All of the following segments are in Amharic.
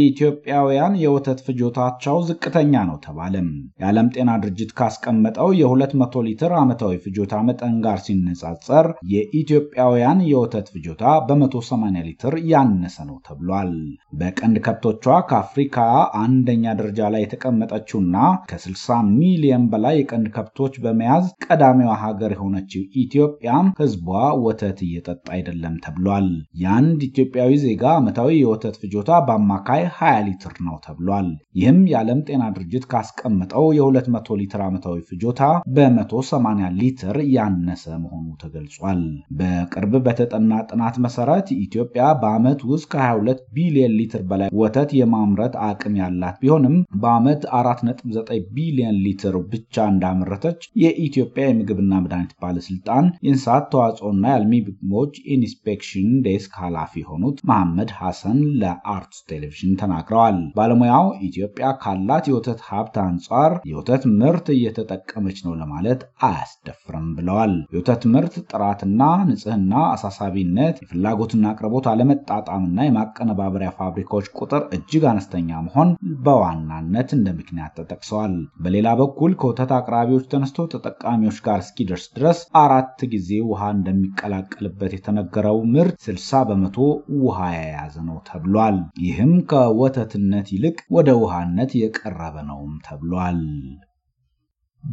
ኢትዮጵያውያን የወተት ፍጆታቸው ዝቅተኛ ነው ተባለም። የዓለም ጤና ድርጅት ካስቀመጠው የ200 ሊትር ዓመታዊ ፍጆታ መጠን ጋር ሲነጻጸር የኢትዮጵያውያን የወተት ፍጆታ በ180 ሊትር ያነሰ ነው ተብሏል። በቀንድ ከብቶቿ ከአፍሪካ አንደኛ ደረጃ ላይ የተቀመጠችውና ከ60 ሚሊየን በላይ የቀንድ ከብቶች በመያዝ ቀዳሚዋ ሀገር የሆነችው ኢትዮጵያም ህዝቧ ወተት እየጠጣ አይደለም ተብሏል። የአንድ ኢትዮጵያዊ ዜጋ ዓመታዊ የወተት ፍጆታ በአማካይ ላይ 20 ሊትር ነው ተብሏል። ይህም የዓለም ጤና ድርጅት ካስቀመጠው የ200 ሊትር ዓመታዊ ፍጆታ በ180 ሊትር ያነሰ መሆኑ ተገልጿል። በቅርብ በተጠና ጥናት መሰረት ኢትዮጵያ በዓመት ውስጥ ከ22 ቢሊዮን ሊትር በላይ ወተት የማምረት አቅም ያላት ቢሆንም በዓመት 4.9 ቢሊዮን ሊትር ብቻ እንዳመረተች የኢትዮጵያ የምግብና መድኃኒት ባለስልጣን የእንስሳት ተዋጽኦና የአልሚ ምግቦች ኢንስፔክሽን ዴስክ ኃላፊ የሆኑት መሐመድ ሐሰን ለአርትስ ቴሌቪዥን ቴሌቪዥን ተናግረዋል። ባለሙያው ኢትዮጵያ ካላት የወተት ሀብት አንጻር የወተት ምርት እየተጠቀመች ነው ለማለት አያስደፍርም ብለዋል። የወተት ምርት ጥራትና ንጽህና አሳሳቢነት፣ የፍላጎትና አቅርቦት አለመጣጣምና የማቀነባበሪያ ፋብሪካዎች ቁጥር እጅግ አነስተኛ መሆን በዋናነት እንደ ምክንያት ተጠቅሰዋል። በሌላ በኩል ከወተት አቅራቢዎች ተነስቶ ተጠቃሚዎች ጋር እስኪደርስ ድረስ አራት ጊዜ ውሃ እንደሚቀላቀልበት የተነገረው ምርት 60 በመቶ ውሃ የያዘ ነው ተብሏል። ይህም ከ ከወተትነት ይልቅ ወደ ውሃነት የቀረበ ነውም ተብሏል።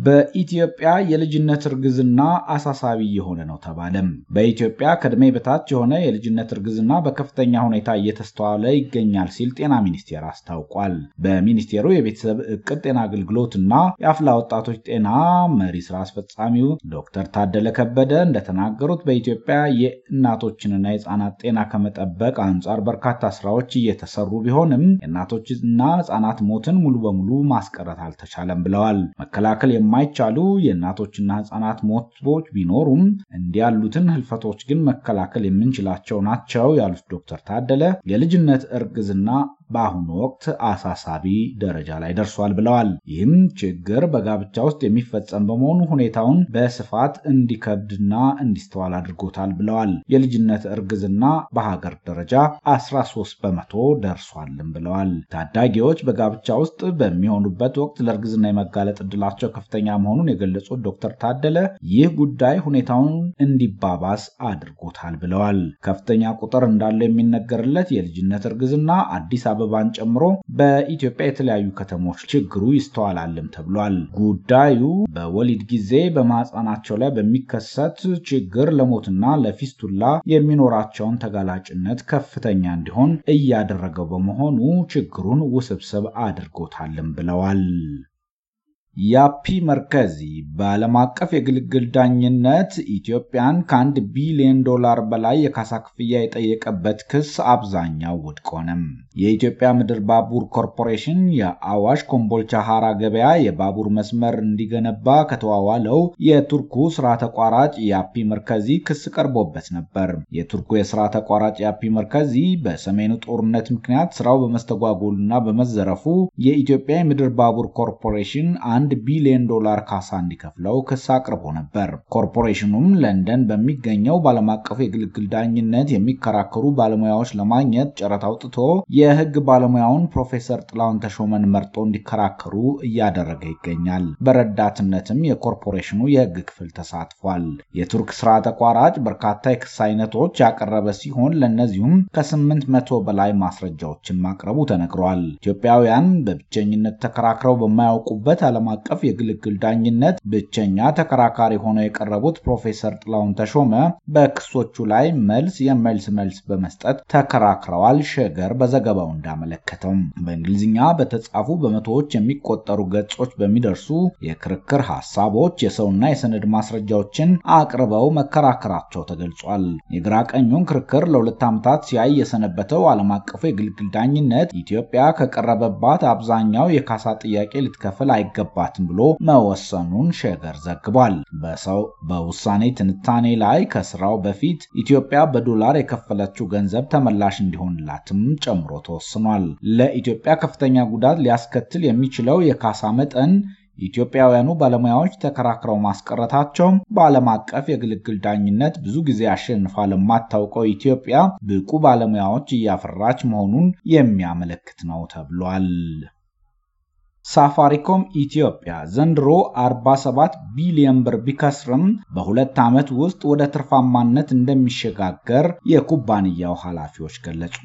በኢትዮጵያ የልጅነት እርግዝና አሳሳቢ የሆነ ነው ተባለም። በኢትዮጵያ ከዕድሜ በታች የሆነ የልጅነት እርግዝና በከፍተኛ ሁኔታ እየተስተዋለ ይገኛል ሲል ጤና ሚኒስቴር አስታውቋል። በሚኒስቴሩ የቤተሰብ እቅድ ጤና አገልግሎት እና የአፍላ ወጣቶች ጤና መሪ ስራ አስፈጻሚው ዶክተር ታደለ ከበደ እንደተናገሩት በኢትዮጵያ የእናቶችንና የህፃናት ጤና ከመጠበቅ አንጻር በርካታ ስራዎች እየተሰሩ ቢሆንም የእናቶችና ህፃናት ሞትን ሙሉ በሙሉ ማስቀረት አልተቻለም ብለዋል። መከላከል የማይቻሉ የእናቶችና ህጻናት ሞቶች ቢኖሩም እንዲያሉትን ያሉትን ህልፈቶች ግን መከላከል የምንችላቸው ናቸው ያሉት ዶክተር ታደለ የልጅነት እርግዝና በአሁኑ ወቅት አሳሳቢ ደረጃ ላይ ደርሷል ብለዋል። ይህም ችግር በጋብቻ ውስጥ የሚፈጸም በመሆኑ ሁኔታውን በስፋት እንዲከብድና እንዲስተዋል አድርጎታል ብለዋል። የልጅነት እርግዝና በሀገር ደረጃ 13 በመቶ ደርሷልም ብለዋል። ታዳጊዎች በጋብቻ ውስጥ በሚሆኑበት ወቅት ለእርግዝና የመጋለጥ እድላቸው ከፍተኛ መሆኑን የገለጹት ዶክተር ታደለ ይህ ጉዳይ ሁኔታውን እንዲባባስ አድርጎታል ብለዋል። ከፍተኛ ቁጥር እንዳለው የሚነገርለት የልጅነት እርግዝና አዲስ አበባ አበባን ጨምሮ በኢትዮጵያ የተለያዩ ከተሞች ችግሩ ይስተዋላልም ተብሏል። ጉዳዩ በወሊድ ጊዜ በማህፀናቸው ላይ በሚከሰት ችግር ለሞትና ለፊስቱላ የሚኖራቸውን ተጋላጭነት ከፍተኛ እንዲሆን እያደረገው በመሆኑ ችግሩን ውስብስብ አድርጎታልም ብለዋል። ያፒ መርከዚ በዓለም አቀፍ የግልግል ዳኝነት ኢትዮጵያን ከአንድ ቢሊዮን ዶላር በላይ የካሳ ክፍያ የጠየቀበት ክስ አብዛኛው ውድቅ ሆነም። የኢትዮጵያ ምድር ባቡር ኮርፖሬሽን የአዋሽ ኮምቦልቻ ሐራ ገበያ የባቡር መስመር እንዲገነባ ከተዋዋለው የቱርኩ ስራ ተቋራጭ ያፒ መርከዚ ክስ ቀርቦበት ነበር። የቱርኩ የስራ ተቋራጭ ያፒ መርከዚ በሰሜኑ ጦርነት ምክንያት ስራው በመስተጓጎሉና በመዘረፉ የኢትዮጵያ የምድር ባቡር ኮርፖሬሽን አንድ አንድ ቢሊዮን ዶላር ካሳ እንዲከፍለው ክስ አቅርቦ ነበር። ኮርፖሬሽኑም ለንደን በሚገኘው ባለም አቀፉ የግልግል ዳኝነት የሚከራከሩ ባለሙያዎች ለማግኘት ጨረታ አውጥቶ የህግ ባለሙያውን ፕሮፌሰር ጥላውን ተሾመን መርጦ እንዲከራከሩ እያደረገ ይገኛል። በረዳትነትም የኮርፖሬሽኑ የህግ ክፍል ተሳትፏል። የቱርክ ስራ ተቋራጭ በርካታ የክስ አይነቶች ያቀረበ ሲሆን ለእነዚሁም ከ መቶ በላይ ማስረጃዎችን ማቅረቡ ተነግሯል። ኢትዮጵያውያን በብቸኝነት ተከራክረው በማያውቁበት ዓለም አቀፍ የግልግል ዳኝነት ብቸኛ ተከራካሪ ሆነው የቀረቡት ፕሮፌሰር ጥላውን ተሾመ በክሶቹ ላይ መልስ የመልስ መልስ በመስጠት ተከራክረዋል። ሸገር በዘገባው እንዳመለከተው በእንግሊዝኛ በተጻፉ በመቶዎች የሚቆጠሩ ገጾች በሚደርሱ የክርክር ሀሳቦች የሰውና የሰነድ ማስረጃዎችን አቅርበው መከራከራቸው ተገልጿል። የግራ ቀኙን ክርክር ለሁለት ዓመታት ሲያይ የሰነበተው ዓለም አቀፉ የግልግል ዳኝነት ኢትዮጵያ ከቀረበባት አብዛኛው የካሳ ጥያቄ ልትከፍል አይገባ አለባትም ብሎ መወሰኑን ሸገር ዘግቧል። በሰው በውሳኔ ትንታኔ ላይ ከስራው በፊት ኢትዮጵያ በዶላር የከፈለችው ገንዘብ ተመላሽ እንዲሆንላትም ጨምሮ ተወስኗል። ለኢትዮጵያ ከፍተኛ ጉዳት ሊያስከትል የሚችለው የካሳ መጠን ኢትዮጵያውያኑ ባለሙያዎች ተከራክረው ማስቀረታቸው በዓለም አቀፍ የግልግል ዳኝነት ብዙ ጊዜ አሸንፋ ለማታውቀው ኢትዮጵያ ብቁ ባለሙያዎች እያፈራች መሆኑን የሚያመለክት ነው ተብሏል። ሳፋሪኮም ኢትዮጵያ ዘንድሮ 47 ቢሊዮን ብር ቢከስርም በሁለት ዓመት ውስጥ ወደ ትርፋማነት እንደሚሸጋገር የኩባንያው ኃላፊዎች ገለጹ።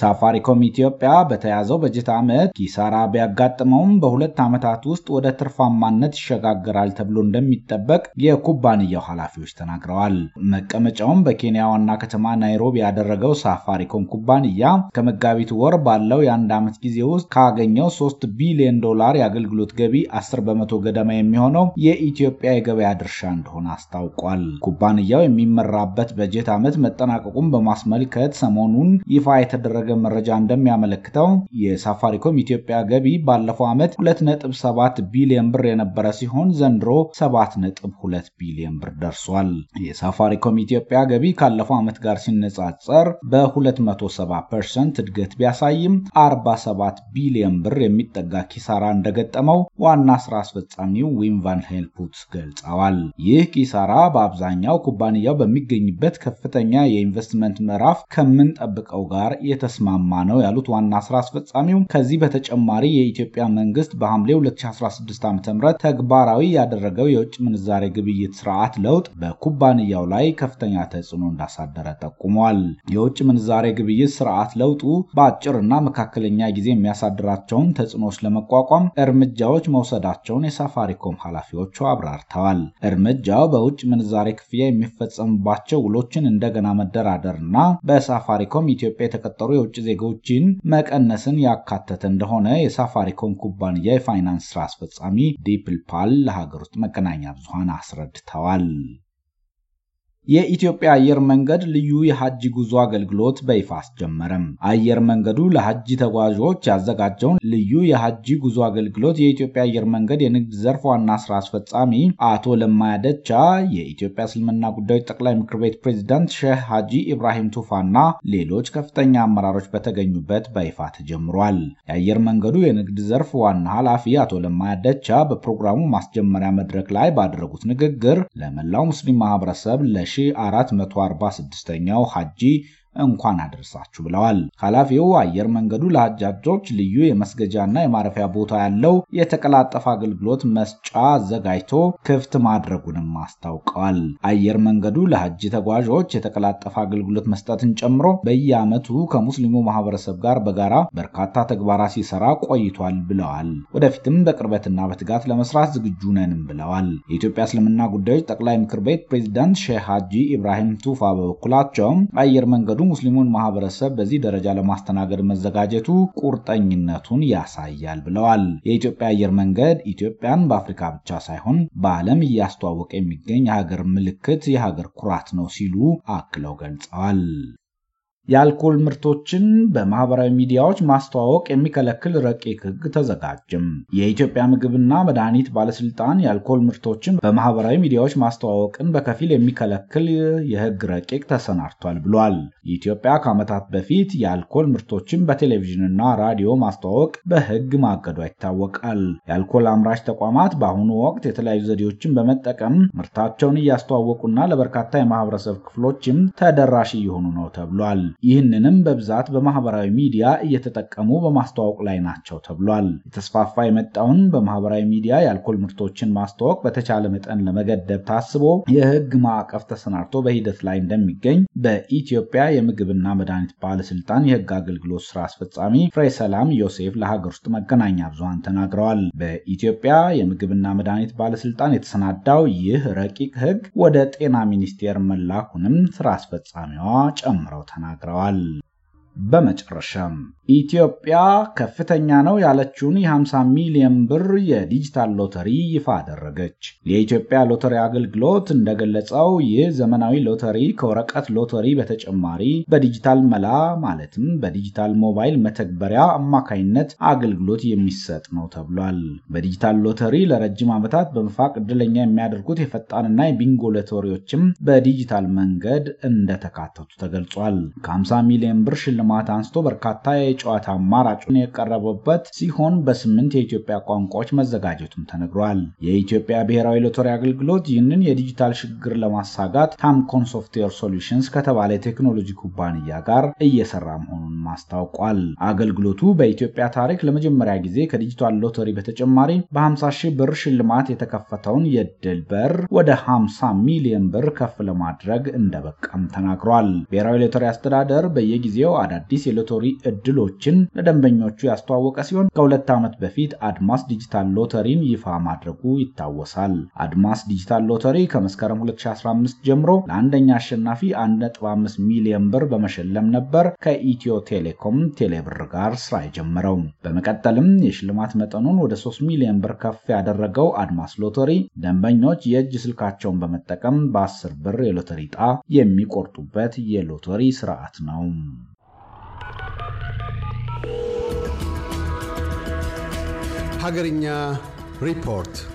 ሳፋሪኮም ኢትዮጵያ በተያዘው በጀት ዓመት ኪሳራ ቢያጋጥመውም በሁለት ዓመታት ውስጥ ወደ ትርፋማነት ይሸጋገራል ተብሎ እንደሚጠበቅ የኩባንያው ኃላፊዎች ተናግረዋል። መቀመጫውን በኬንያ ዋና ከተማ ናይሮቢ ያደረገው ሳፋሪኮም ኩባንያ ከመጋቢት ወር ባለው የአንድ ዓመት ጊዜ ውስጥ ካገኘው 3 ቢሊዮን ዶላር ዶላር የአገልግሎት ገቢ 10 በመቶ ገደማ የሚሆነው የኢትዮጵያ የገበያ ድርሻ እንደሆነ አስታውቋል። ኩባንያው የሚመራበት በጀት ዓመት መጠናቀቁን በማስመልከት ሰሞኑን ይፋ የተደረገ መረጃ እንደሚያመለክተው የሳፋሪኮም ኢትዮጵያ ገቢ ባለፈው ዓመት 2.7 ቢሊዮን ብር የነበረ ሲሆን ዘንድሮ 7.2 ቢሊዮን ብር ደርሷል። የሳፋሪኮም ኢትዮጵያ ገቢ ካለፈው ዓመት ጋር ሲነጻጸር በ270 ፐርሰንት እድገት ቢያሳይም 47 ቢሊዮን ብር የሚጠጋ ኪሳራ እንደገጠመው ዋና ስራ አስፈጻሚው ዊም ቫን ሄልፑት ገልጸዋል። ይህ ኪሳራ በአብዛኛው ኩባንያው በሚገኝበት ከፍተኛ የኢንቨስትመንት ምዕራፍ ከምንጠብቀው ጋር የተስማማ ነው ያሉት ዋና ስራ አስፈጻሚው ከዚህ በተጨማሪ የኢትዮጵያ መንግስት በሐምሌ 2016 ም ተግባራዊ ያደረገው የውጭ ምንዛሬ ግብይት ስርዓት ለውጥ በኩባንያው ላይ ከፍተኛ ተጽዕኖ እንዳሳደረ ጠቁሟል። የውጭ ምንዛሬ ግብይት ስርዓት ለውጡ በአጭርና መካከለኛ ጊዜ የሚያሳድራቸውን ተጽዕኖዎች ለመቋቋም ለማቋቋም እርምጃዎች መውሰዳቸውን የሳፋሪኮም ኃላፊዎቹ አብራርተዋል። እርምጃው በውጭ ምንዛሬ ክፍያ የሚፈጸምባቸው ውሎችን እንደገና መደራደርና በሳፋሪኮም ኢትዮጵያ የተቀጠሩ የውጭ ዜጎችን መቀነስን ያካተተ እንደሆነ የሳፋሪኮም ኩባንያ የፋይናንስ ስራ አስፈጻሚ ዲፕልፓል ለሀገር ውስጥ መገናኛ ብዙሃን አስረድተዋል። የኢትዮጵያ አየር መንገድ ልዩ የሐጅ ጉዞ አገልግሎት በይፋ አስጀመረም። አየር መንገዱ ለሐጅ ተጓዦች ያዘጋጀውን ልዩ የሐጅ ጉዞ አገልግሎት የኢትዮጵያ አየር መንገድ የንግድ ዘርፍ ዋና ስራ አስፈጻሚ አቶ ለማያደቻ የኢትዮጵያ እስልምና ጉዳዮች ጠቅላይ ምክር ቤት ፕሬዚዳንት ሼህ ሐጂ ኢብራሂም ቱፋና ሌሎች ከፍተኛ አመራሮች በተገኙበት በይፋ ተጀምሯል። የአየር መንገዱ የንግድ ዘርፍ ዋና ኃላፊ አቶ ለማያደቻ በፕሮግራሙ ማስጀመሪያ መድረክ ላይ ባደረጉት ንግግር ለመላው ሙስሊም ማህበረሰብ ለሺ 1446ኛው ሐጂ እንኳን አደረሳችሁ ብለዋል። ኃላፊው አየር መንገዱ ለአጃጆች ልዩ የመስገጃና የማረፊያ ቦታ ያለው የተቀላጠፈ አገልግሎት መስጫ አዘጋጅቶ ክፍት ማድረጉንም አስታውቀዋል። አየር መንገዱ ለሀጅ ተጓዦች የተቀላጠፈ አገልግሎት መስጠትን ጨምሮ በየዓመቱ ከሙስሊሙ ማህበረሰብ ጋር በጋራ በርካታ ተግባራት ሲሰራ ቆይቷል ብለዋል። ወደፊትም በቅርበትና በትጋት ለመስራት ዝግጁ ነንም ብለዋል። የኢትዮጵያ እስልምና ጉዳዮች ጠቅላይ ምክር ቤት ፕሬዚዳንት ሼህ ሀጂ ኢብራሂም ቱፋ በበኩላቸውም አየር መንገዱ ሙስሊሙን ማህበረሰብ በዚህ ደረጃ ለማስተናገድ መዘጋጀቱ ቁርጠኝነቱን ያሳያል ብለዋል። የኢትዮጵያ አየር መንገድ ኢትዮጵያን በአፍሪካ ብቻ ሳይሆን በዓለም እያስተዋወቀ የሚገኝ የሀገር ምልክት፣ የሀገር ኩራት ነው ሲሉ አክለው ገልጸዋል። የአልኮል ምርቶችን በማህበራዊ ሚዲያዎች ማስተዋወቅ የሚከለክል ረቂቅ ህግ ተዘጋጅም። የኢትዮጵያ ምግብና መድኃኒት ባለስልጣን የአልኮል ምርቶችን በማህበራዊ ሚዲያዎች ማስተዋወቅን በከፊል የሚከለክል የህግ ረቂቅ ተሰናድቷል ብሏል። ኢትዮጵያ ከዓመታት በፊት የአልኮል ምርቶችን በቴሌቪዥንና ራዲዮ ማስተዋወቅ በህግ ማገዷ ይታወቃል። የአልኮል አምራች ተቋማት በአሁኑ ወቅት የተለያዩ ዘዴዎችን በመጠቀም ምርታቸውን እያስተዋወቁና ለበርካታ የማህበረሰብ ክፍሎችም ተደራሽ እየሆኑ ነው ተብሏል። ይህንንም በብዛት በማህበራዊ ሚዲያ እየተጠቀሙ በማስተዋወቅ ላይ ናቸው ተብሏል። የተስፋፋ የመጣውን በማህበራዊ ሚዲያ የአልኮል ምርቶችን ማስተዋወቅ በተቻለ መጠን ለመገደብ ታስቦ የህግ ማዕቀፍ ተሰናድቶ በሂደት ላይ እንደሚገኝ በኢትዮጵያ የምግብና መድኃኒት ባለስልጣን የህግ አገልግሎት ስራ አስፈጻሚ ፍሬ ሰላም ዮሴፍ ለሀገር ውስጥ መገናኛ ብዙሃን ተናግረዋል። በኢትዮጵያ የምግብና መድኃኒት ባለስልጣን የተሰናዳው ይህ ረቂቅ ህግ ወደ ጤና ሚኒስቴር መላኩንም ስራ አስፈጻሚዋ ጨምረው ተናግረዋል። ተናግረዋል። በመጨረሻም ኢትዮጵያ ከፍተኛ ነው ያለችውን የ50 ሚሊዮን ብር የዲጂታል ሎተሪ ይፋ አደረገች። የኢትዮጵያ ሎተሪ አገልግሎት እንደገለጸው ይህ ዘመናዊ ሎተሪ ከወረቀት ሎተሪ በተጨማሪ በዲጂታል መላ ማለትም በዲጂታል ሞባይል መተግበሪያ አማካይነት አገልግሎት የሚሰጥ ነው ተብሏል። በዲጂታል ሎተሪ ለረጅም ዓመታት በመፋቅ እድለኛ የሚያደርጉት የፈጣንና የቢንጎ ሎተሪዎችም በዲጂታል መንገድ እንደተካተቱ ተገልጿል። ከ50 ሚሊዮን ብር ሽልማ ቀለማት አንስቶ በርካታ የጨዋታ አማራጮች የቀረበበት ሲሆን በስምንት የኢትዮጵያ ቋንቋዎች መዘጋጀቱም ተነግሯል። የኢትዮጵያ ብሔራዊ ሎተሪ አገልግሎት ይህንን የዲጂታል ሽግግር ለማሳጋት ታምኮን ሶፍትዌር ሶሉሽንስ ከተባለ የቴክኖሎጂ ኩባንያ ጋር እየሰራ መሆኑን ማስታውቋል። አገልግሎቱ በኢትዮጵያ ታሪክ ለመጀመሪያ ጊዜ ከዲጂታል ሎተሪ በተጨማሪ በ50 ሺህ ብር ሽልማት የተከፈተውን የድል በር ወደ 50 ሚሊዮን ብር ከፍ ለማድረግ እንደበቃም ተናግሯል። ብሔራዊ ሎተሪ አስተዳደር በየጊዜው አዳ አዳዲስ የሎተሪ እድሎችን ለደንበኞቹ ያስተዋወቀ ሲሆን ከሁለት ዓመት በፊት አድማስ ዲጂታል ሎተሪን ይፋ ማድረጉ ይታወሳል። አድማስ ዲጂታል ሎተሪ ከመስከረም 2015 ጀምሮ ለአንደኛ አሸናፊ 1.5 ሚሊዮን ብር በመሸለም ነበር ከኢትዮ ቴሌኮም ቴሌብር ጋር ስራ የጀመረው። በመቀጠልም የሽልማት መጠኑን ወደ 3 ሚሊዮን ብር ከፍ ያደረገው አድማስ ሎተሪ ደንበኞች የእጅ ስልካቸውን በመጠቀም በ10 ብር የሎተሪ ዕጣ የሚቆርጡበት የሎተሪ ስርዓት ነው። Hagarinya Report